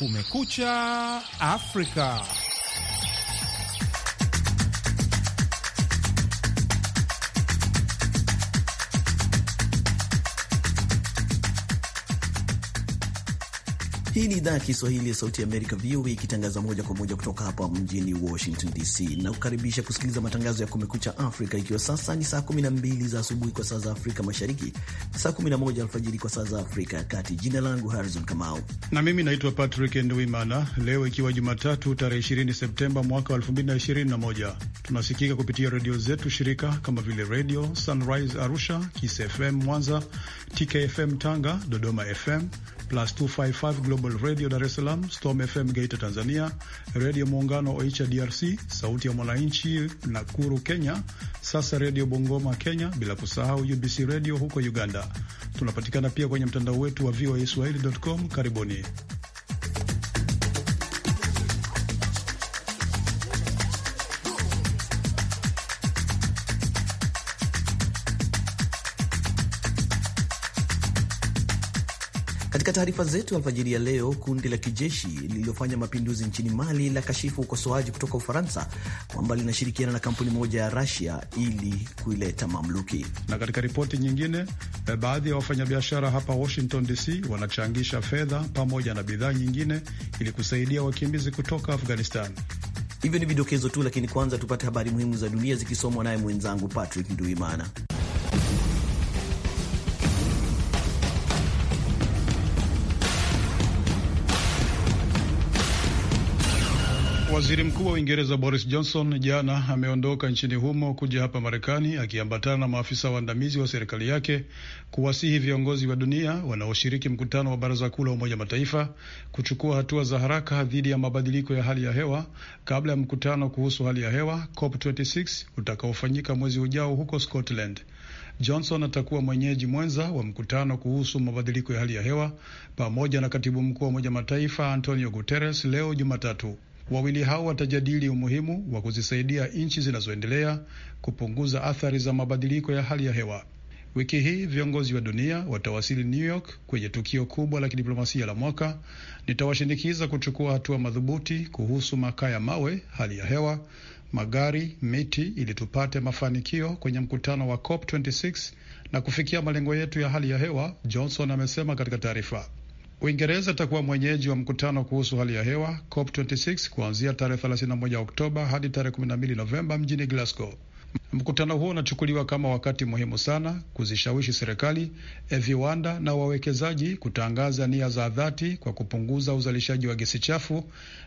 Kumekucha Afrika. Hii ni idhaa ya Kiswahili ya Sauti ya Amerika, VOA, ikitangaza moja kwa moja kutoka hapa mjini Washington DC na kukaribisha kusikiliza matangazo ya Kumekucha Afrika, ikiwa sasa ni saa 12 za asubuhi kwa saa za Afrika Mashariki, saa 11 alfajiri kwa saa za Afrika ya Kati. Jina langu Harrison Kamau na mimi naitwa Patrick Ndwimana. Leo ikiwa Jumatatu tarehe 20 Septemba mwaka 2021, tunasikika kupitia redio zetu shirika kama vile Radio Sunrise Arusha, KISFM FM Mwanza, TKFM Tanga, Dodoma FM, plus 255 Global Radio Dar es Salaam, Storm FM Geita Tanzania, Redio Muungano Oicha DRC, Sauti ya Mwananchi Nakuru Kenya, Sasa Redio Bongoma Kenya, bila kusahau UBC Radio huko Uganda. Tunapatikana pia kwenye mtandao wetu wa VOA Swahili.com. Karibuni. Katika taarifa zetu alfajiri ya leo, kundi la kijeshi lililofanya mapinduzi nchini Mali la kashifu ukosoaji kutoka Ufaransa kwamba linashirikiana na kampuni moja ya Rasia ili kuileta mamluki. Na katika ripoti nyingine, eh, baadhi ya wafanyabiashara hapa Washington DC wanachangisha fedha pamoja na bidhaa nyingine ili kusaidia wakimbizi kutoka Afghanistan. Hivyo ni vidokezo tu, lakini kwanza tupate habari muhimu za dunia zikisomwa naye mwenzangu Patrick Nduimana. Waziri Mkuu wa Uingereza Boris Johnson jana ameondoka nchini humo kuja hapa Marekani akiambatana na maafisa waandamizi wa serikali yake kuwasihi viongozi wa dunia wanaoshiriki mkutano wa Baraza Kuu la Umoja Mataifa kuchukua hatua za haraka dhidi ya mabadiliko ya hali ya hewa kabla ya mkutano kuhusu hali ya hewa COP26 utakaofanyika mwezi ujao huko Scotland. Johnson atakuwa mwenyeji mwenza wa mkutano kuhusu mabadiliko ya hali ya hewa pamoja na katibu mkuu wa Umoja Mataifa Antonio Guterres leo Jumatatu. Wawili hao watajadili umuhimu wa kuzisaidia nchi zinazoendelea kupunguza athari za mabadiliko ya hali ya hewa. Wiki hii viongozi wa dunia watawasili New York kwenye tukio kubwa la kidiplomasia la mwaka. Nitawashinikiza kuchukua hatua madhubuti kuhusu makaa ya mawe, hali ya hewa, magari, miti, ili tupate mafanikio kwenye mkutano wa COP 26 na kufikia malengo yetu ya hali ya hewa, Johnson amesema katika taarifa. Uingereza itakuwa mwenyeji wa mkutano kuhusu hali ya hewa COP26 kuanzia tarehe 31 Oktoba hadi tarehe 12 Novemba mjini Glasgow. Mkutano huo unachukuliwa kama wakati muhimu sana kuzishawishi serikali, eh, viwanda na wawekezaji kutangaza nia za dhati kwa kupunguza uzalishaji wa gesi chafu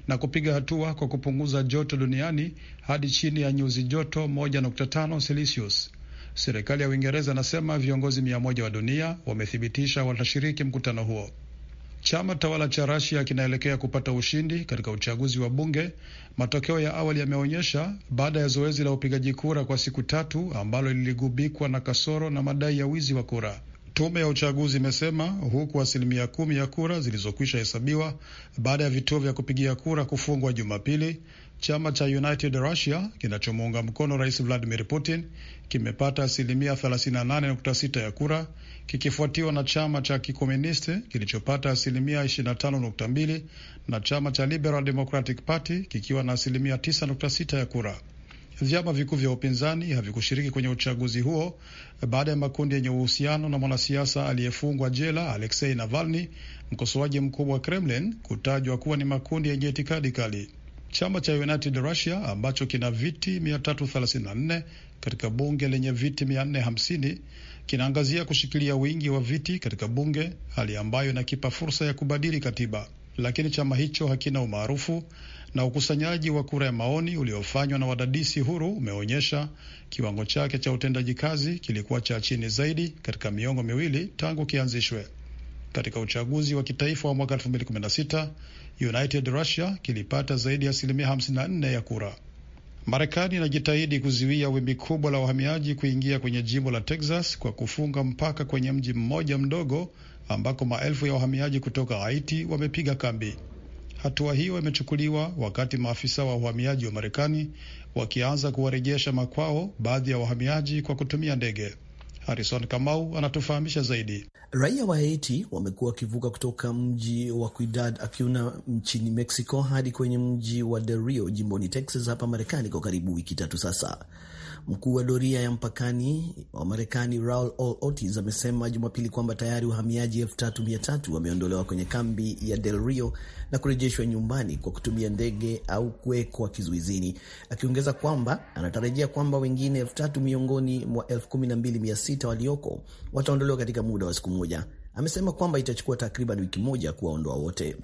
na kupiga hatua kwa kupunguza joto duniani hadi chini ya nyuzi joto 1.5 Celsius. Serikali ya Uingereza anasema viongozi mia moja wa dunia wamethibitisha watashiriki mkutano huo. Chama tawala cha Rasia kinaelekea kupata ushindi katika uchaguzi wa bunge, matokeo ya awali yameonyesha, baada ya zoezi la upigaji kura kwa siku tatu ambalo liligubikwa na kasoro na madai ya wizi wa kura. Tume ya uchaguzi imesema huku asilimia kumi ya kura zilizokwisha hesabiwa baada ya vituo vya kupigia kura kufungwa Jumapili, Chama cha United Russia kinachomuunga mkono Rais Vladimir Putin kimepata asilimia 38.6 ya kura kikifuatiwa na chama cha kikomunisti kilichopata asilimia 25.2 na chama cha Liberal Democratic Party kikiwa na asilimia 9.6 ya kura. Vyama vikuu vya upinzani havikushiriki kwenye uchaguzi huo baada ya makundi yenye uhusiano na mwanasiasa aliyefungwa jela Alexei Navalny, mkosoaji mkubwa wa Kremlin, kutajwa kuwa ni makundi yenye itikadi kali. Chama cha United Russia ambacho kina viti 334 katika bunge lenye viti 450 kinaangazia kushikilia wingi wa viti katika bunge, hali ambayo inakipa fursa ya kubadili katiba, lakini chama hicho hakina umaarufu na ukusanyaji wa kura ya maoni uliofanywa na wadadisi huru umeonyesha kiwango chake cha utendaji kazi kilikuwa cha chini zaidi katika miongo miwili tangu kianzishwe. Katika uchaguzi wa kitaifa wa mwaka 2016 United Russia kilipata zaidi ya asilimia 54 ya kura. Marekani inajitahidi kuzuia wimbi kubwa la wahamiaji kuingia kwenye jimbo la Texas kwa kufunga mpaka kwenye mji mmoja mdogo ambako maelfu ya wahamiaji kutoka Haiti wamepiga kambi. Hatua hiyo imechukuliwa wakati maafisa wa uhamiaji wa Marekani wakianza kuwarejesha makwao baadhi ya wahamiaji kwa kutumia ndege. Harison Kamau anatufahamisha zaidi. Raia wa Haiti wamekuwa wakivuka kutoka mji wa quidad Acuna nchini Mexico hadi kwenye mji wa Del Rio jimboni Texas hapa Marekani kwa karibu wiki tatu sasa. Mkuu wa doria ya mpakani wa Marekani Raul Otis amesema Jumapili kwamba tayari wahamiaji elfu tatu mia tatu wameondolewa kwenye kambi ya Del Rio na kurejeshwa nyumbani kwa kutumia ndege au kuwekwa kizuizini, akiongeza kwamba anatarajia kwamba wengine elfu tatu miongoni mwa elfu kumi na mbili mia sita walioko wataondolewa katika muda wa siku moja. Amesema kwamba itachukua takriban wiki moja kuwaondoa wote.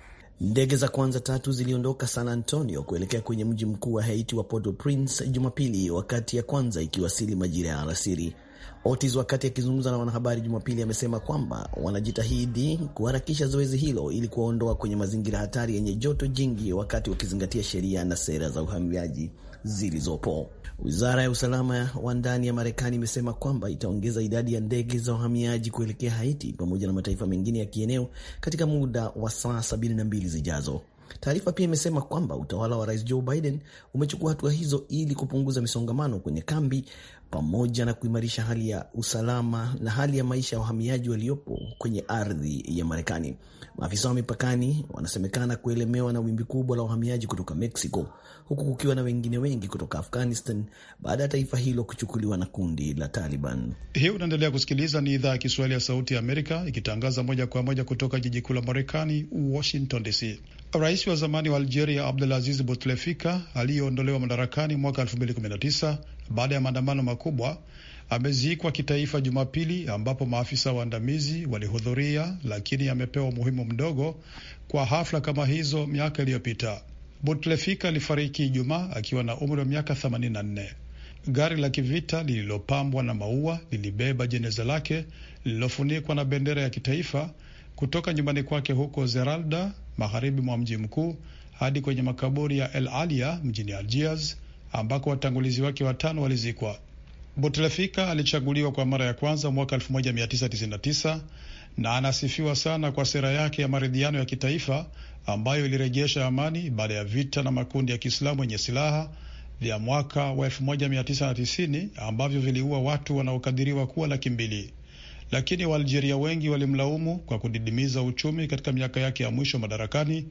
Ndege za kwanza tatu ziliondoka San Antonio kuelekea kwenye mji mkuu wa Haiti wa Port-au-Prince Jumapili, wakati ya kwanza ikiwasili majira ya alasiri. Otis, wakati akizungumza na wanahabari Jumapili, amesema kwamba wanajitahidi kuharakisha zoezi hilo ili kuwaondoa kwenye mazingira hatari yenye joto jingi, wakati wakizingatia sheria na sera za uhamiaji zilizopo. Wizara ya usalama wa ndani ya Marekani imesema kwamba itaongeza idadi ya ndege za wahamiaji kuelekea Haiti pamoja na mataifa mengine ya kieneo katika muda wa saa 72 zijazo. Taarifa pia imesema kwamba utawala wa rais Joe Biden umechukua hatua hizo ili kupunguza misongamano kwenye kambi, pamoja na kuimarisha hali ya usalama na hali ya maisha ya wahamiaji waliopo kwenye ardhi ya Marekani. Maafisa wa mipakani wanasemekana kuelemewa na wimbi kubwa la wahamiaji kutoka Mexico, huku kukiwa na wengine wengi kutoka Afghanistan baada ya taifa hilo kuchukuliwa na kundi la Taliban. Hii unaendelea kusikiliza, ni idhaa ya Kiswahili ya Sauti ya Amerika ikitangaza moja kwa moja kutoka jiji kuu la Marekani, Washington DC. Rais wa zamani wa Algeria aziz Bouteflika aliyeondolewa madarakani mwaka 2019 baada ya maandamano makubwa amezikwa kitaifa Jumapili, ambapo maafisa waandamizi walihudhuria, lakini amepewa umuhimu mdogo kwa hafla kama hizo miaka iliyopita. Butlefika alifariki Ijumaa akiwa na umri wa miaka 84. Gari la kivita lililopambwa na maua lilibeba jeneza lake lililofunikwa na bendera ya kitaifa kutoka nyumbani kwake huko Zeralda, magharibi mwa mji mkuu, hadi kwenye makaburi ya El Alia mjini Algiers ambako watangulizi wake watano walizikwa. Bouteflika alichaguliwa kwa mara ya kwanza mwaka 1999 na anasifiwa sana kwa sera yake ya maridhiano ya kitaifa ambayo ilirejesha amani baada ya vita na makundi ya Kiislamu yenye silaha vya mwaka wa 1990 ambavyo viliua watu wanaokadiriwa kuwa laki mbili. Lakini Waalgeria wengi walimlaumu kwa kudidimiza uchumi katika miaka yake ya mwisho madarakani,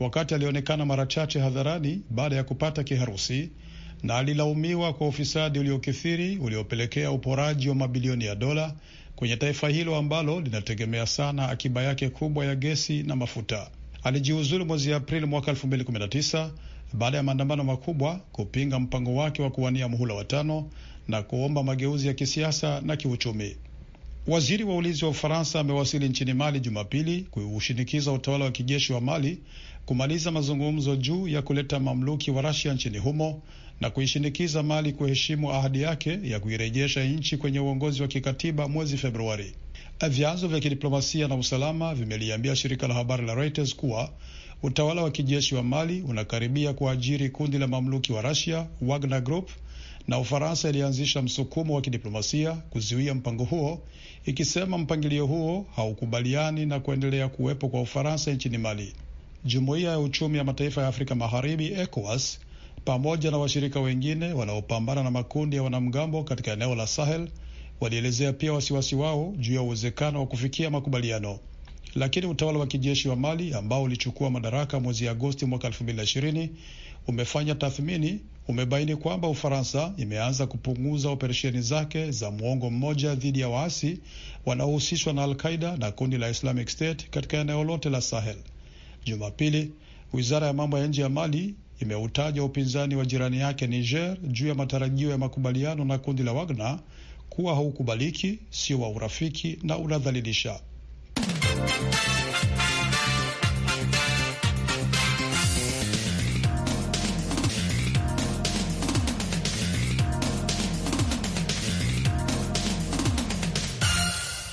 wakati alionekana mara chache hadharani baada ya kupata kiharusi na alilaumiwa kwa ufisadi uliokithiri uliopelekea uporaji wa mabilioni ya dola kwenye taifa hilo ambalo linategemea sana akiba yake kubwa ya gesi na mafuta. Alijiuzulu mwezi Aprili mwaka 2019 baada ya maandamano makubwa kupinga mpango wake wa kuwania muhula wa tano na kuomba mageuzi ya kisiasa na kiuchumi. Waziri wa ulinzi wa Ufaransa amewasili nchini Mali Jumapili kuushinikiza utawala wa kijeshi wa Mali kumaliza mazungumzo juu ya kuleta mamluki wa Rasia nchini humo na kuishinikiza Mali kuheshimu ahadi yake ya kuirejesha nchi kwenye uongozi wa kikatiba mwezi Februari. Vyanzo vya kidiplomasia na usalama vimeliambia shirika la habari la Reuters kuwa utawala wa kijeshi wa Mali unakaribia kuajiri kundi la mamluki wa Russia Wagner Group, na Ufaransa ilianzisha msukumo wa kidiplomasia kuzuia mpango huo, ikisema mpangilio huo haukubaliani na kuendelea kuwepo kwa Ufaransa nchini Mali. Jumuiya ya Uchumi ya Mataifa ya Afrika Magharibi ECOWAS pamoja na washirika wengine wanaopambana na makundi ya wanamgambo katika eneo la Sahel walielezea pia wasiwasi wao juu ya uwezekano wa kufikia makubaliano. Lakini utawala wa kijeshi wa Mali ambao ulichukua madaraka mwezi Agosti mwaka 2020 umefanya tathmini, umebaini kwamba Ufaransa imeanza kupunguza operesheni zake za mwongo mmoja dhidi ya waasi wanaohusishwa na alqaida na kundi la Islamic State katika eneo lote la Sahel. Jumapili, wizara ya mambo ya nje ya Mali imeutaja upinzani wa jirani yake Niger juu ya matarajio ya makubaliano na kundi la Wagner kuwa haukubaliki, sio wa urafiki na unadhalilisha.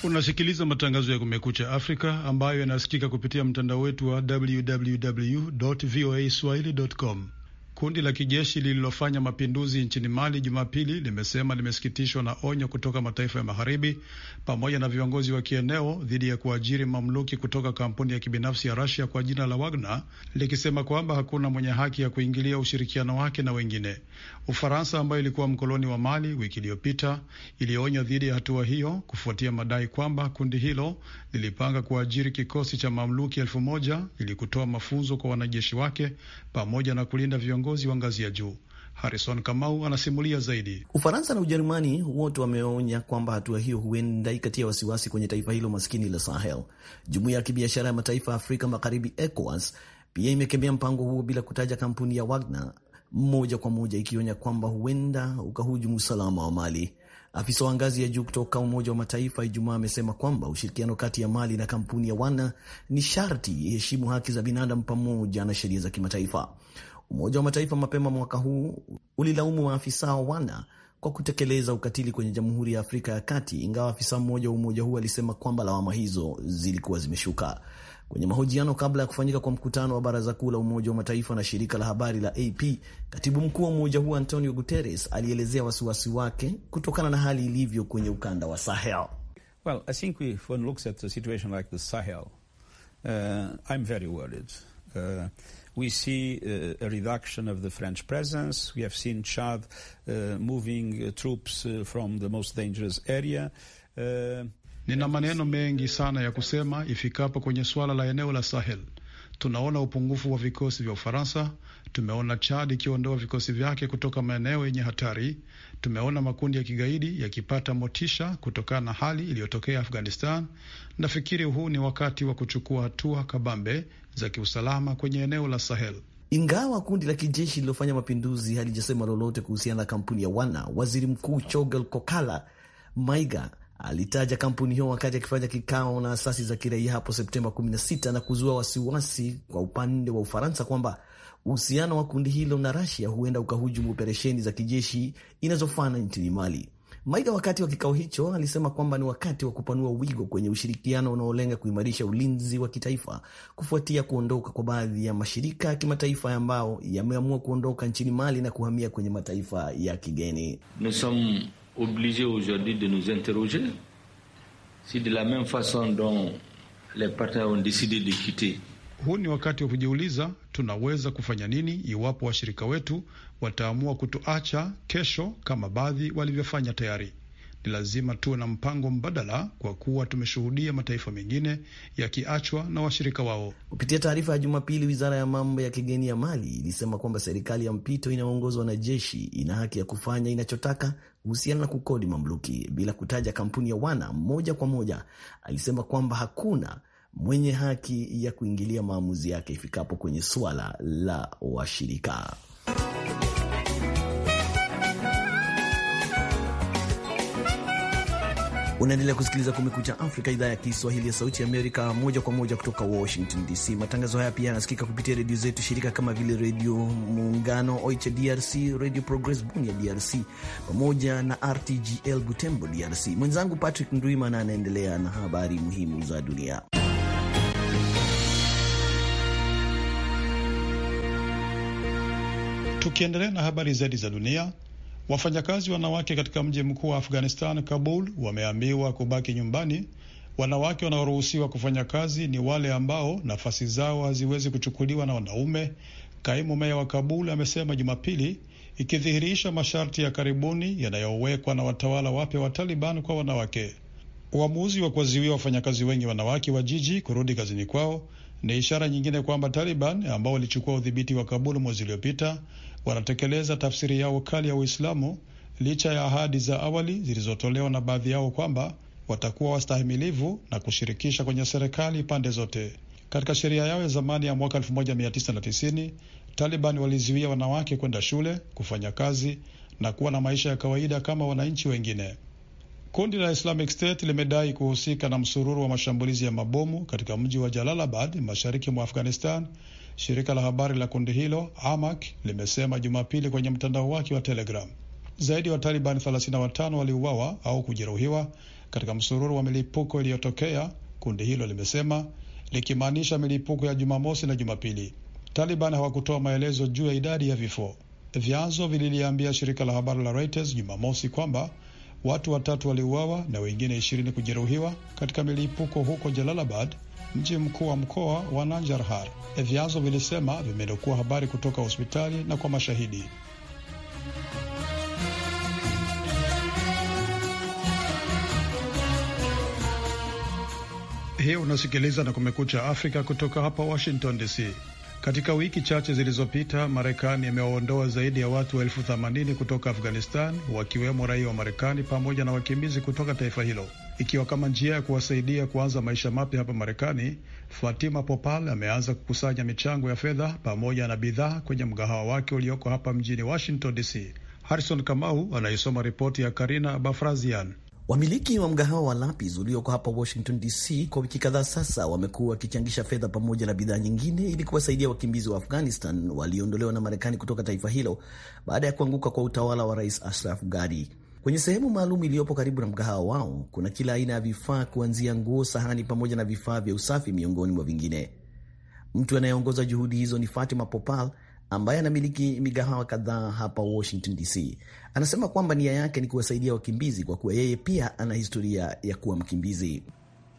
Unasikiliza matangazo ya Kumekucha Afrika ambayo yanasikika kupitia mtandao wetu wa www.voaswahili.com. Kundi la kijeshi lililofanya mapinduzi nchini Mali Jumapili limesema limesikitishwa na onyo kutoka mataifa ya magharibi pamoja na viongozi wa kieneo dhidi ya kuajiri mamluki kutoka kampuni ya kibinafsi ya rasia kwa jina la Wagner, likisema kwamba hakuna mwenye haki ya kuingilia ushirikiano wake na wengine. Ufaransa ambayo ilikuwa mkoloni wa Mali wiki iliyopita ilionya dhidi ya hatua hiyo kufuatia madai kwamba kundi hilo lilipanga kuajiri kikosi cha mamluki elfu moja ili kutoa mafunzo kwa wanajeshi wake pamoja na kulinda viongozi wa ngazi ya juu. Harrison Kamau anasimulia zaidi. Ufaransa na Ujerumani wote wameonya kwamba hatua hiyo huenda ikatia wasiwasi kwenye taifa hilo maskini la Sahel. Jumuiya ya kibiashara ya mataifa ya Afrika Magharibi, ECOWAS, pia imekemea mpango huo bila kutaja kampuni ya Wagner moja kwa moja, ikionya kwamba huenda ukahujumu usalama wa Mali. Afisa wa ngazi ya juu kutoka Umoja wa Mataifa Ijumaa amesema kwamba ushirikiano kati ya Mali na kampuni ya Wana ni sharti iheshimu haki za binadamu pamoja na sheria za kimataifa. Umoja wa Mataifa mapema mwaka huu ulilaumu maafisa wa Wana kwa kutekeleza ukatili kwenye Jamhuri ya Afrika ya Kati, ingawa afisa mmoja wa umoja huu alisema kwamba lawama hizo zilikuwa zimeshuka. Kwenye mahojiano kabla ya kufanyika kwa mkutano wa baraza kuu la Umoja wa Mataifa na shirika la habari la AP, katibu mkuu wa umoja huo Antonio Guterres alielezea wasiwasi wake kutokana na hali ilivyo kwenye ukanda wa Sahel. Well, I think at situation like the Sahel, uh, I'm very worried. Uh, we see uh, a reduction of the French presence. We have seen Chad uh, moving uh, troops uh, from the most dangerous area. Uh, Nina maneno mengi sana ya kusema ifikapo kwenye suala la eneo la Sahel. Tunaona upungufu wa vikosi vya Ufaransa. Tumeona Chad ikiondoa vikosi vyake kutoka maeneo yenye hatari. Tumeona makundi ya kigaidi yakipata motisha kutokana na hali iliyotokea Afghanistan. Nafikiri huu ni wakati wa kuchukua hatua kabambe za kiusalama kwenye eneo la Sahel. Ingawa kundi la kijeshi lililofanya mapinduzi halijasema lolote kuhusiana na kampuni ya Wana, waziri mkuu Chogel Kokala Maiga alitaja kampuni hiyo wakati akifanya kikao na asasi za kiraia hapo Septemba 16 na kuzua wasiwasi kwa upande wa Ufaransa kwamba uhusiano wa kundi hilo na rasia huenda ukahujumu operesheni za kijeshi inazofana nchini Mali. Maida wakati wa kikao hicho alisema kwamba ni wakati wa kupanua wigo kwenye ushirikiano unaolenga kuimarisha ulinzi wa kitaifa kufuatia kuondoka kwa baadhi ya mashirika ya kimataifa ambayo yameamua kuondoka nchini Mali na kuhamia kwenye mataifa ya kigeni obligés aujourd'hui de nous interroger si de la même façon dont les partenaires ont décidé de quitter. Huu ni wakati wa kujiuliza tunaweza kufanya nini iwapo washirika wetu wataamua kutuacha kesho kama baadhi walivyofanya tayari. Ni lazima tuwe na mpango mbadala kwa kuwa tumeshuhudia mataifa mengine yakiachwa na washirika wao. Kupitia taarifa ya Jumapili, wizara ya mambo ya kigeni ya Mali ilisema kwamba serikali ya mpito inayoongozwa na jeshi ina haki ya kufanya inachotaka kuhusiana na kukodi mamluki bila kutaja kampuni ya Wana moja kwa moja, alisema kwamba hakuna mwenye haki ya kuingilia maamuzi yake ifikapo kwenye suala la washirika. Unaendelea kusikiliza Kumekucha Afrika, idhaa ya Kiswahili ya Sauti ya Amerika, moja kwa moja kutoka Washington DC. Matangazo haya pia yanasikika kupitia redio zetu shirika kama vile Redio Muungano Oicha DRC, Redio Progress Bunia DRC, pamoja na RTGL Butembo DRC. Mwenzangu Patrick Ndwimana anaendelea na habari muhimu za dunia. Tukiendelea na habari zaidi za dunia Wafanyakazi wanawake katika mji mkuu wa Afghanistan, Kabul, wameambiwa kubaki nyumbani. Wanawake wanaoruhusiwa kufanya kazi ni wale ambao nafasi zao haziwezi kuchukuliwa na wanaume, kaimu meya wa Kabul amesema Jumapili, ikidhihirisha masharti ya karibuni yanayowekwa na watawala wapya wa Taliban kwa wanawake. Uamuzi wa kuwaziwia wafanyakazi wengi wanawake wa jiji kurudi kazini kwao ni ishara nyingine kwamba Taliban ambao walichukua udhibiti wa Kabul mwezi uliopita wanatekeleza tafsiri yao kali ya Uislamu licha ya ahadi za awali zilizotolewa na baadhi yao kwamba watakuwa wastahimilivu na kushirikisha kwenye serikali pande zote. Katika sheria yao ya zamani ya mwaka 1990 Taliban walizuia wanawake kwenda shule, kufanya kazi na kuwa na maisha ya kawaida kama wananchi wengine. Kundi la Islamic State limedai kuhusika na msururu wa mashambulizi ya mabomu katika mji wa Jalalabad mashariki mwa Afghanistan Shirika la habari la kundi hilo AMAK limesema Jumapili kwenye mtandao wake wa Telegram. Zaidi ya Wataliban 35 waliuawa au kujeruhiwa katika msururu wa milipuko iliyotokea, kundi hilo limesema, likimaanisha milipuko ya Jumamosi na Jumapili. Taliban hawakutoa maelezo juu ya idadi ya vifo. Vyanzo vililiambia shirika la habari la Reuters Jumamosi kwamba Watu watatu waliuawa na wengine ishirini kujeruhiwa katika milipuko huko Jalalabad, mji mkuu wa mkoa wa Nanjarhar. Vyanzo vilisema vimenukua habari kutoka hospitali na kwa mashahidi. Hiyo unasikiliza na Kumekucha Afrika kutoka hapa Washington DC. Katika wiki chache zilizopita, Marekani imewaondoa zaidi ya watu elfu themanini kutoka Afghanistan, wakiwemo raia wa Marekani pamoja na wakimbizi kutoka taifa hilo, ikiwa kama njia ya kuwasaidia kuanza maisha mapya hapa Marekani. Fatima Popal ameanza kukusanya michango ya fedha pamoja na bidhaa kwenye mgahawa wake ulioko hapa mjini Washington DC. Harrison Kamau anaisoma ripoti ya Karina Bafrazian. Wamiliki wa mgahawa wa Lapis ulioko hapa Washington DC kwa wiki kadhaa sasa wamekuwa wakichangisha fedha pamoja na bidhaa nyingine ili kuwasaidia wakimbizi wa Afghanistan walioondolewa na Marekani kutoka taifa hilo baada ya kuanguka kwa utawala wa Rais Ashraf Ghani. Kwenye sehemu maalum iliyopo karibu na mgahawa wao kuna kila aina ya vifaa kuanzia nguo, sahani pamoja na vifaa vya usafi miongoni mwa vingine. Mtu anayeongoza juhudi hizo ni Fatima Popal ambaye anamiliki migahawa kadhaa hapa Washington DC, anasema kwamba nia yake ni kuwasaidia wakimbizi kwa kuwa yeye pia ana historia ya kuwa mkimbizi.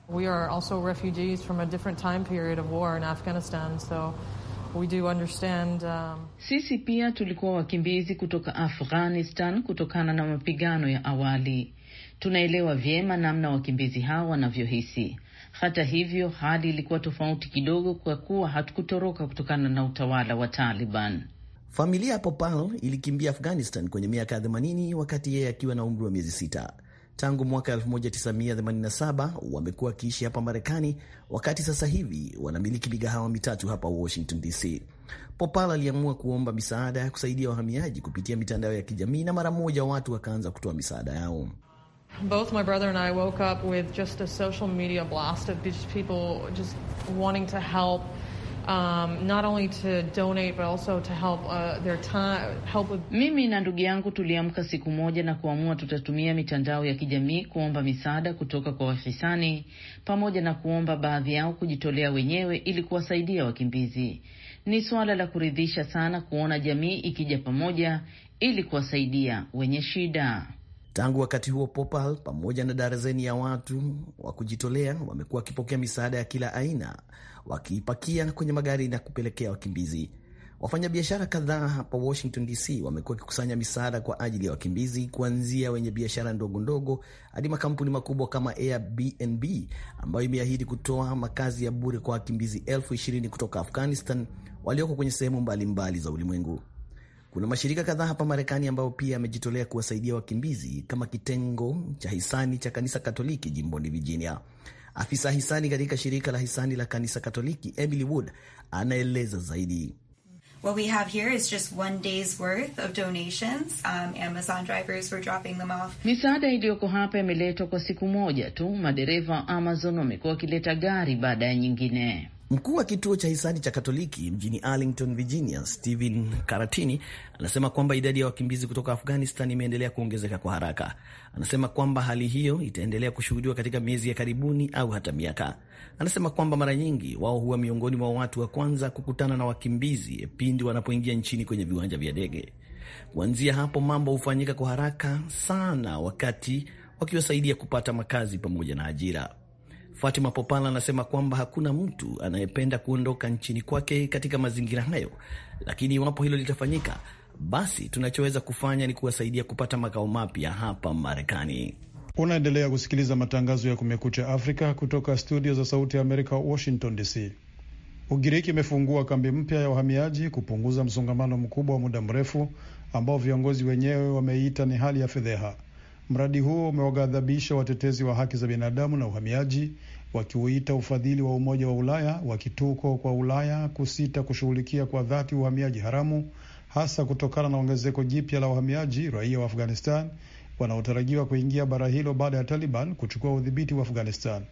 We are also refugees from a different time period of war in Afghanistan, so we do understand, um... Sisi pia tulikuwa wakimbizi kutoka Afghanistan kutokana na mapigano ya awali. Tunaelewa vyema namna wakimbizi hao wanavyohisi. Hata hivyo, hali ilikuwa tofauti kidogo kwa kuwa hatukutoroka kutokana na utawala wa Taliban. Familia ya Popal ilikimbia Afghanistan kwenye miaka ya 80 wakati yeye akiwa na umri wa miezi sita. Tangu mwaka 1987 wamekuwa wakiishi hapa Marekani, wakati sasa hivi wanamiliki migahawa mitatu hapa Washington DC. Popal aliamua kuomba misaada ya kusaidia wahamiaji kupitia mitandao ya kijamii na mara moja watu wakaanza kutoa misaada yao. Both my brother and I woke up with just a social media blast of people just wanting to help, um, not only to donate but also to help uh, their time, help with... Mimi na ndugu yangu tuliamka siku moja na kuamua tutatumia mitandao ya kijamii kuomba misaada kutoka kwa wahisani pamoja na kuomba baadhi yao kujitolea wenyewe ili kuwasaidia wakimbizi. Ni suala la kuridhisha sana kuona jamii ikija pamoja ili kuwasaidia wenye shida. Tangu wakati huo Popal pamoja na darazeni ya watu wa kujitolea wamekuwa wakipokea misaada ya kila aina, wakiipakia kwenye magari na kupelekea wakimbizi. Wafanyabiashara kadhaa hapa Washington DC wamekuwa wakikusanya misaada kwa ajili ya wakimbizi, kuanzia wenye biashara ndogo ndogo hadi makampuni makubwa kama Airbnb ambayo imeahidi kutoa makazi ya bure kwa wakimbizi elfu ishirini kutoka Afghanistan walioko kwenye sehemu mbalimbali za ulimwengu. Kuna mashirika kadhaa hapa Marekani ambayo pia yamejitolea kuwasaidia wakimbizi kama kitengo cha hisani cha kanisa Katoliki jimboni Virginia. Afisa hisani katika shirika la hisani la kanisa Katoliki Emily Wood anaeleza zaidi. What we have here is just one day's worth of donations. Um, Amazon drivers were dropping them off. Misaada iliyoko hapa imeletwa kwa siku moja tu. Madereva wa Amazon wamekuwa wakileta gari baada ya nyingine. Mkuu wa kituo cha hisani cha Katoliki mjini Arlington, Virginia, Stephen Karatini anasema kwamba idadi ya wakimbizi kutoka Afghanistan imeendelea kuongezeka kwa haraka. Anasema kwamba hali hiyo itaendelea kushuhudiwa katika miezi ya karibuni au hata miaka. Anasema kwamba mara nyingi wao huwa miongoni mwa watu wa kwanza kukutana na wakimbizi pindi wanapoingia nchini kwenye viwanja vya ndege. Kuanzia hapo, mambo hufanyika kwa haraka sana, wakati wakiwasaidia kupata makazi pamoja na ajira. Fatima Popala anasema kwamba hakuna mtu anayependa kuondoka nchini kwake katika mazingira hayo, lakini iwapo hilo litafanyika, basi tunachoweza kufanya ni kuwasaidia kupata makao mapya hapa Marekani. Unaendelea kusikiliza matangazo ya Kumekucha Afrika kutoka studio za Sauti ya Amerika, Washington DC. Ugiriki imefungua kambi mpya ya wahamiaji kupunguza msongamano mkubwa wa muda mrefu ambao viongozi wenyewe wameita ni hali ya fedheha. Mradi huo umewaghadhabisha watetezi wa haki za binadamu na uhamiaji wakiuita ufadhili wa Umoja wa Ulaya wa kituko kwa Ulaya kusita kushughulikia kwa dhati uhamiaji haramu, hasa kutokana na ongezeko jipya la wahamiaji raia wa Afghanistan wanaotarajiwa kuingia bara hilo baada ya Taliban kuchukua udhibiti wa Afghanistan.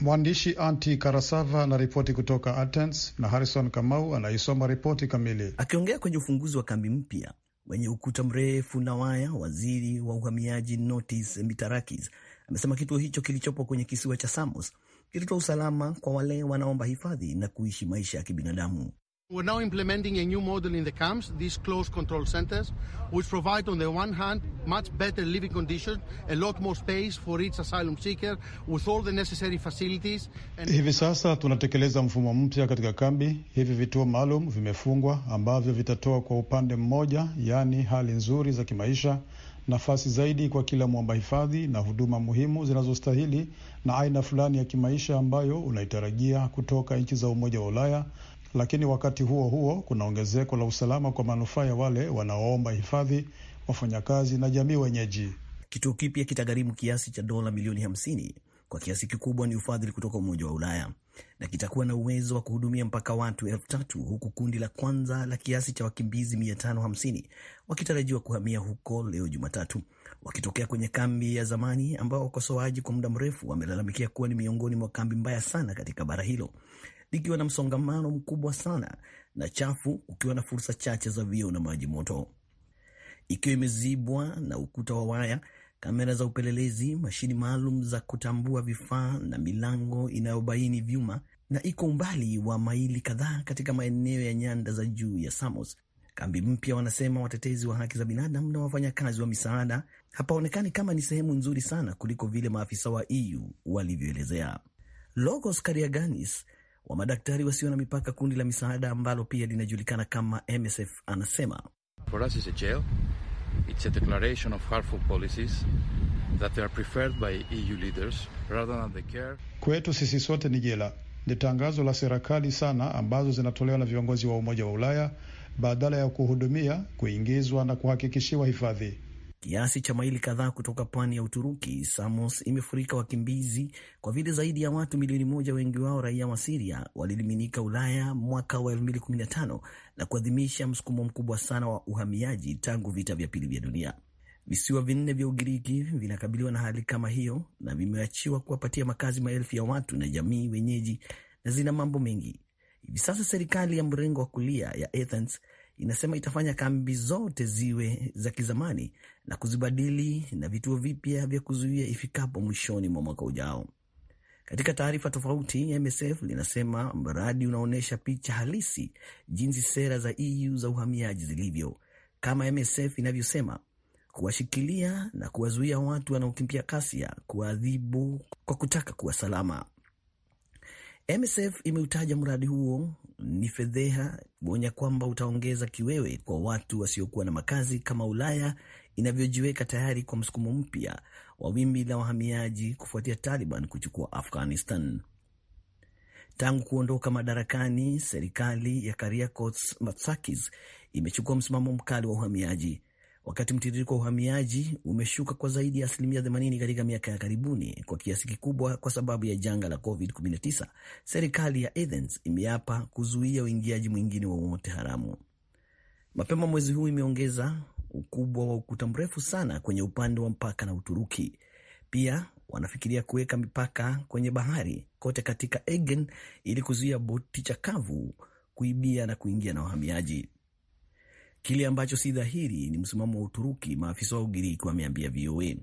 Mwandishi Anti Karasava anaripoti kutoka Athens na Harrison Kamau anaisoma ripoti kamili. Akiongea kwenye ufunguzi wa kambi mpya wenye ukuta mrefu na waya, waziri wa uhamiaji Notis Mitarakis amesema kituo hicho kilichopo kwenye kisiwa cha Samos itatoa usalama kwa wale wanaomba hifadhi na kuishi maisha ya kibinadamu. We're now implementing a new model in the camps, these closed control centers, which provide on the one hand much better living conditions, a lot more space for each asylum seeker with all the necessary facilities. And... Hivi sasa tunatekeleza mfumo mpya katika kambi. Hivi vituo maalum vimefungwa ambavyo vitatoa kwa upande mmoja, yaani hali nzuri za kimaisha nafasi zaidi kwa kila mwomba hifadhi na huduma muhimu zinazostahili na aina fulani ya kimaisha ambayo unaitarajia kutoka nchi za Umoja wa Ulaya, lakini wakati huo huo kuna ongezeko la usalama kwa manufaa ya wale wanaoomba hifadhi, wafanyakazi na jamii wenyeji. Kituo kipya kitagharimu kiasi cha dola milioni hamsini kwa kiasi kikubwa ni ufadhili kutoka Umoja wa Ulaya na kitakuwa na uwezo wa kuhudumia mpaka watu elfu tatu huku kundi la kwanza la kiasi cha wakimbizi 550 wakitarajiwa kuhamia huko leo Jumatatu wakitokea kwenye kambi ya zamani ambao wakosoaji kwa muda mrefu wamelalamikia kuwa ni miongoni mwa kambi mbaya sana katika bara hilo likiwa na msongamano mkubwa sana na chafu, ukiwa na fursa chache za vio na maji moto, ikiwa imezibwa na ukuta wa waya kamera za upelelezi, mashini maalum za kutambua vifaa na milango inayobaini vyuma, na iko umbali wa maili kadhaa katika maeneo ya nyanda za juu ya Samos. Kambi mpya, wanasema watetezi wa haki za binadamu na wafanyakazi wa misaada, hapaonekani kama ni sehemu nzuri sana kuliko vile maafisa wa EU walivyoelezea. Logos Kariaganis wa Madaktari Wasio na Mipaka, kundi la misaada ambalo pia linajulikana kama MSF, anasema For us It's a declaration of harmful policies that are preferred by EU leaders rather than the care. Kwetu sisi sote ni jela, ni tangazo la serikali sana ambazo zinatolewa na viongozi wa Umoja wa Ulaya badala ya kuhudumia, kuingizwa na kuhakikishiwa hifadhi kiasi cha maili kadhaa kutoka pwani ya Uturuki, Samos imefurika wakimbizi kwa vile zaidi ya watu milioni moja, wengi wao raia wa Siria, waliliminika Ulaya mwaka wa 2015 na kuadhimisha msukumo mkubwa sana wa uhamiaji tangu vita vya pili vya dunia. Visiwa vinne vya Ugiriki vinakabiliwa na hali kama hiyo na vimeachiwa kuwapatia makazi maelfu ya watu na jamii wenyeji, na zina mambo mengi hivi sasa. Serikali ya mrengo wa kulia ya Athens inasema itafanya kambi zote ziwe za kizamani na kuzibadili na vituo vipya vya kuzuia ifikapo mwishoni mwa mwaka ujao. Katika taarifa tofauti, MSF linasema mradi unaonyesha picha halisi jinsi sera za EU za uhamiaji zilivyo, kama MSF inavyosema, kuwashikilia na kuwazuia watu wanaokimbia kasia, kuwaadhibu kwa kutaka kuwa salama MSF imeutaja mradi huo ni fedheha, kuonya kwamba utaongeza kiwewe kwa watu wasiokuwa na makazi, kama Ulaya inavyojiweka tayari kwa msukumo mpya wa wimbi la wahamiaji kufuatia Taliban kuchukua Afghanistan. Tangu kuondoka madarakani, serikali ya Kariakos Matsakis imechukua msimamo mkali wa uhamiaji wakati mtiririko wa uhamiaji umeshuka kwa zaidi ya asilimia 80 katika miaka ya karibuni, kwa kiasi kikubwa kwa sababu ya janga la COVID-19. Serikali ya Athens imeapa kuzuia uingiaji mwingine wowote haramu. Mapema mwezi huu imeongeza ukubwa wa ukuta mrefu sana kwenye upande wa mpaka na Uturuki. Pia wanafikiria kuweka mipaka kwenye bahari kote katika Aegean ili kuzuia boti chakavu kuibia na kuingia na wahamiaji kile ambacho si dhahiri ni msimamo wa Uturuki, maafisa wa Ugiriki wameambia VOA,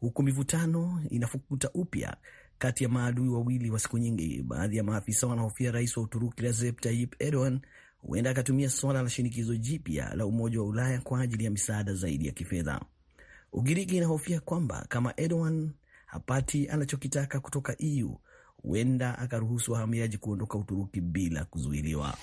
huku mivutano inafukuta upya kati ya maadui wawili wa siku nyingi. Baadhi ya maafisa wanahofia rais wa Uturuki Recep Tayyip Erdogan huenda akatumia suala la shinikizo jipya la Umoja wa Ulaya kwa ajili ya misaada zaidi ya kifedha. Ugiriki inahofia kwamba kama Erdogan hapati anachokitaka kutoka EU huenda akaruhusu wahamiaji kuondoka Uturuki bila kuzuiliwa.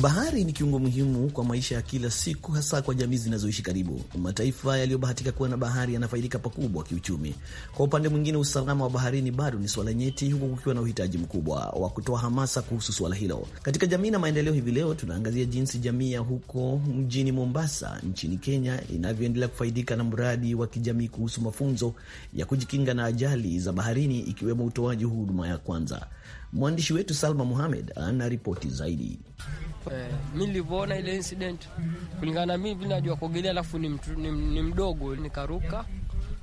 Bahari ni kiungo muhimu kwa maisha ya kila siku, hasa kwa jamii zinazoishi karibu. Mataifa yaliyobahatika kuwa na bahari yanafaidika pakubwa kiuchumi. Kwa upande mwingine, usalama wa baharini bado ni swala nyeti, huku kukiwa na uhitaji mkubwa wa kutoa hamasa kuhusu swala hilo. Katika jamii na maendeleo, hivi leo tunaangazia jinsi jamii ya huko mjini Mombasa nchini Kenya inavyoendelea kufaidika na mradi wa kijamii kuhusu mafunzo ya kujikinga na ajali za baharini, ikiwemo utoaji huduma ya kwanza. Mwandishi wetu Salma Muhamed ana ripoti zaidi. Eh, mi nilivyoona ile incident kulingana na mimi najua kuogelea, alafu ni, ni, ni mdogo nikaruka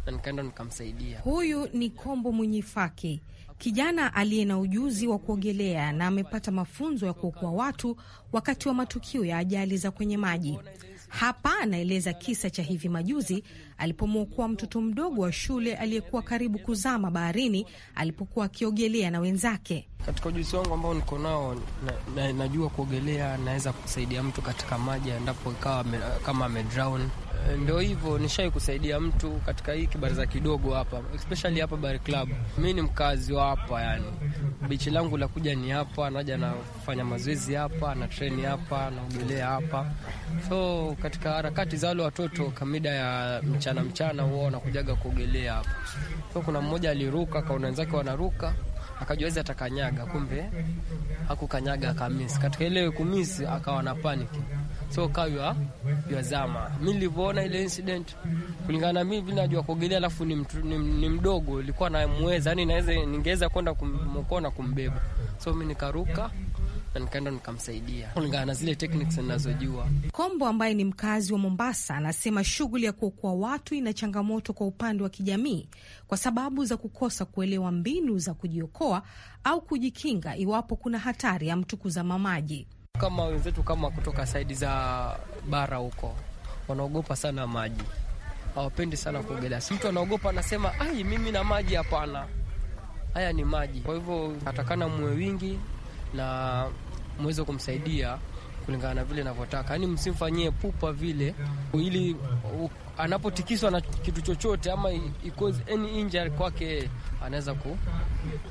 na nikaenda nikamsaidia. Huyu ni Kombo Mwenye kijana aliye na ujuzi wa kuogelea na amepata mafunzo ya kuokoa watu wakati wa matukio ya ajali za kwenye maji. Hapa anaeleza kisa cha hivi majuzi alipomwokoa mtoto mdogo wa shule aliyekuwa karibu kuzama baharini alipokuwa akiogelea na wenzake. Katika ujuzi wangu ambao niko nao na, na, najua kuogelea, naweza kusaidia mtu katika maji endapo ikawa me, kama amedrown. Eh, ndio hivyo, nishai kusaidia mtu katika hii kibaraza kidogo hapa, especially hapa Bari Club. Mi ni mkazi wa hapa, yani bichi langu la kuja ni hapa, naja nafanya mazoezi hapa na treni hapa naogelea hapa. So katika harakati za wale watoto kamida ya mchana mchana, huwa wanakujaga kuogelea hapa. So kuna mmoja aliruka, kaona wenzake wanaruka akajiweza atakanyaga, kumbe hakukanyaga akamisi. Katika ile kumisi akawa na panic, so kawa yazama. Mimi nilivyoona ile incident, kulingana na mimi vile najua kuogelea, alafu ni, ni, ni mdogo, ilikuwa namweza yani, naweza ningeweza kwenda kumwokoa na kumbeba, so mimi nikaruka na nikaenda nikamsaidia kulingana na zile techniques ninazojua. Kombo ambaye ni mkazi wa Mombasa anasema shughuli ya kuokoa watu ina changamoto kwa upande wa kijamii kwa sababu za kukosa kuelewa mbinu za kujiokoa au kujikinga iwapo kuna hatari ya mtu kuzama maji. Kama wenzetu kama kutoka saidi za bara huko wanaogopa sana maji, hawapendi sana kuogelea. Si Mtu anaogopa anasema, ai, mimi na maji hapana, haya ni maji. Kwa hivyo atakana mwe wingi na mweze kumsaidia kulingana na vile navyotaka, yaani msimfanyie pupa vile, ili anapotikiswa na kitu chochote ama cause any injury kwake anaweza ku,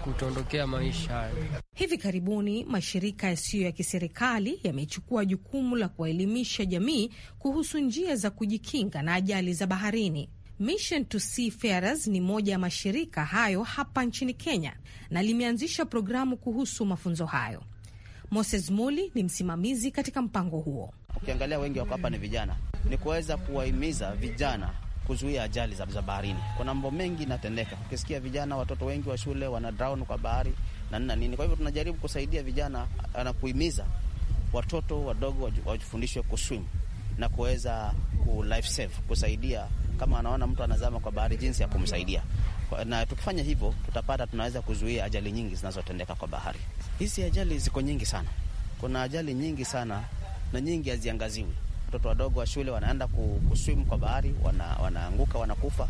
kutondokea maisha. Hivi karibuni mashirika yasiyo ya kiserikali yamechukua jukumu la kuwaelimisha jamii kuhusu njia za kujikinga na ajali za baharini. Mission to Seafarers ni moja ya mashirika hayo hapa nchini Kenya na limeanzisha programu kuhusu mafunzo hayo. Moses Muli ni msimamizi katika mpango huo. Ukiangalia wengi wako hapa ni vijana, ni kuweza kuwahimiza vijana kuzuia ajali za baharini. Kuna mambo mengi inatendeka, ukisikia vijana, watoto wengi wa shule wana drown kwa bahari na nina nini. Kwa hivyo tunajaribu kusaidia vijana uh, na kuhimiza watoto wadogo wajifundishwe kuswim na kuweza ku life save, kusaidia kama anaona mtu anazama kwa bahari, jinsi ya kumsaidia. Na tukifanya hivyo, tutapata tunaweza kuzuia ajali nyingi zinazotendeka kwa bahari. Hizi ajali ziko nyingi sana, kuna ajali nyingi sana na nyingi haziangaziwi. Watoto wadogo wa shule wanaenda kuswim kwa bahari, wana, wanaanguka wanakufa.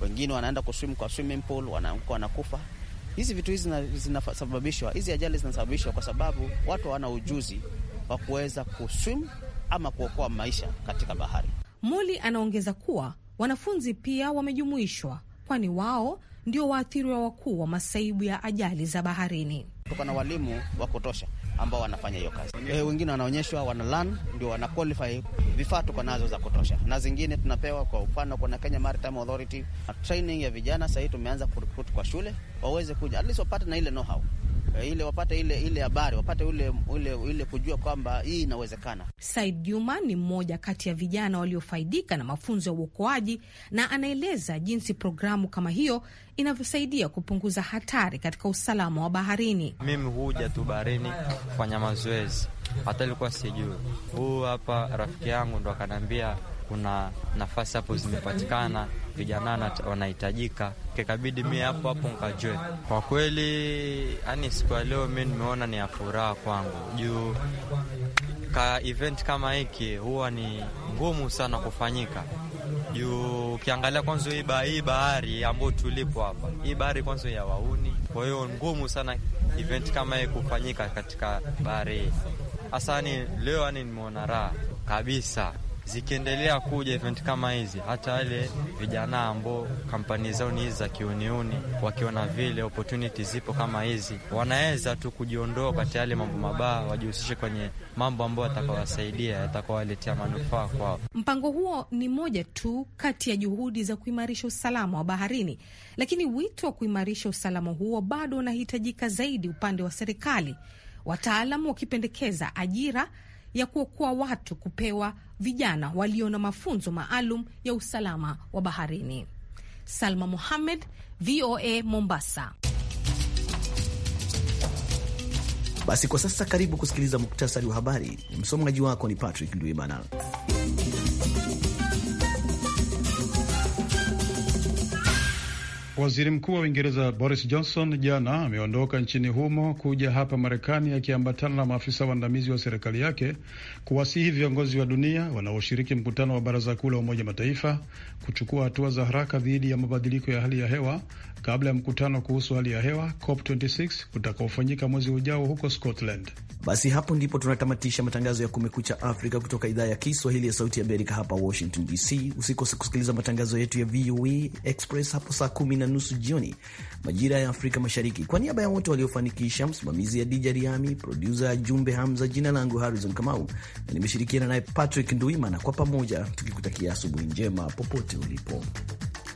Wengine wanaenda kuswim kwa swimming pool, wanaanguka wanakufa. Hizi vitu hizi zinasababishwa, hizi ajali zinasababishwa kwa sababu watu hawana ujuzi wa kuweza kuswim ama kuokoa maisha katika bahari. Moli anaongeza kuwa Wanafunzi pia wamejumuishwa, kwani wao ndio waathiriwa wakuu wa masaibu ya ajali za baharini. Tuko na walimu wa kutosha ambao wanafanya hiyo kazi e, wengine wanaonyeshwa wana learn, ndio wana qualify. Vifaa tuko nazo za kutosha, na zingine tunapewa. Kwa mfano, kuna Kenya Maritime Authority training ya vijana. Sahii tumeanza kurecruit kwa shule waweze kuja at least wapate na ile know how Eh, ile wapate ile ile habari wapate ule, ule, ule kujua kwamba hii inawezekana. Said Juma ni mmoja kati ya vijana waliofaidika na mafunzo ya uokoaji na anaeleza jinsi programu kama hiyo inavyosaidia kupunguza hatari katika usalama wa baharini. Mimi huja tu baharini kufanya mazoezi, hata ilikuwa sijui. Huu hapa rafiki yangu ndo akaniambia kuna nafasi hapo zimepatikana, vijana wanahitajika, kikabidi mi hapo hapo nkajue. Kwa kweli, yani siku ya leo mi nimeona ni ya furaha kwangu juu ka event kama hiki huwa ni ngumu sana kufanyika juu ukiangalia kwanza hii bahari, bahari ambayo tulipo hapa, hii bahari kwanza ya wauni, kwa hiyo ngumu sana event kama hii kufanyika katika bahari hii. Hasa ni leo, yani nimeona raha kabisa zikiendelea kuja event kama hizi, hata wale vijana ambao kampani zao ni hizi za kiuniuni, wakiona vile opportunity zipo kama hizi, wanaweza tu kujiondoa kati yale mambo mabaya, wajihusishe kwenye mambo ambayo yatakawasaidia, yatakawaletea manufaa kwao. Mpango huo ni moja tu kati ya juhudi za kuimarisha usalama wa baharini, lakini wito wa kuimarisha usalama huo bado unahitajika zaidi upande wa serikali, wataalamu wakipendekeza ajira ya kuokoa watu kupewa vijana walio na mafunzo maalum ya usalama wa baharini. Salma Mohamed, VOA Mombasa. Basi kwa sasa, karibu kusikiliza muktasari wa habari. Msomaji wako ni Patrick Ndwimana. Waziri Mkuu wa Uingereza Boris Johnson jana ameondoka nchini humo kuja hapa Marekani akiambatana na maafisa waandamizi wa serikali yake kuwasihi viongozi wa dunia wanaoshiriki mkutano wa Baraza Kuu la Umoja Mataifa kuchukua hatua za haraka dhidi ya mabadiliko ya hali ya hewa kabla ya mkutano kuhusu hali ya hewa COP26 utakaofanyika mwezi ujao huko Scotland. Basi hapo ndipo tunatamatisha matangazo ya Kumekucha Afrika kutoka idhaa ya Kiswahili ya Sauti ya Amerika hapa Washington DC. Usikose kusikiliza matangazo yetu ya VOA e Express hapo saa kumi na nusu jioni majira ya Afrika Mashariki. Kwa niaba ya wote waliofanikisha, msimamizi ya DJ Riami, produsa ya Jumbe Hamza, jina langu Harrison Kamau na nimeshirikiana naye Patrick Nduimana, kwa pamoja tukikutakia asubuhi njema popote ulipo.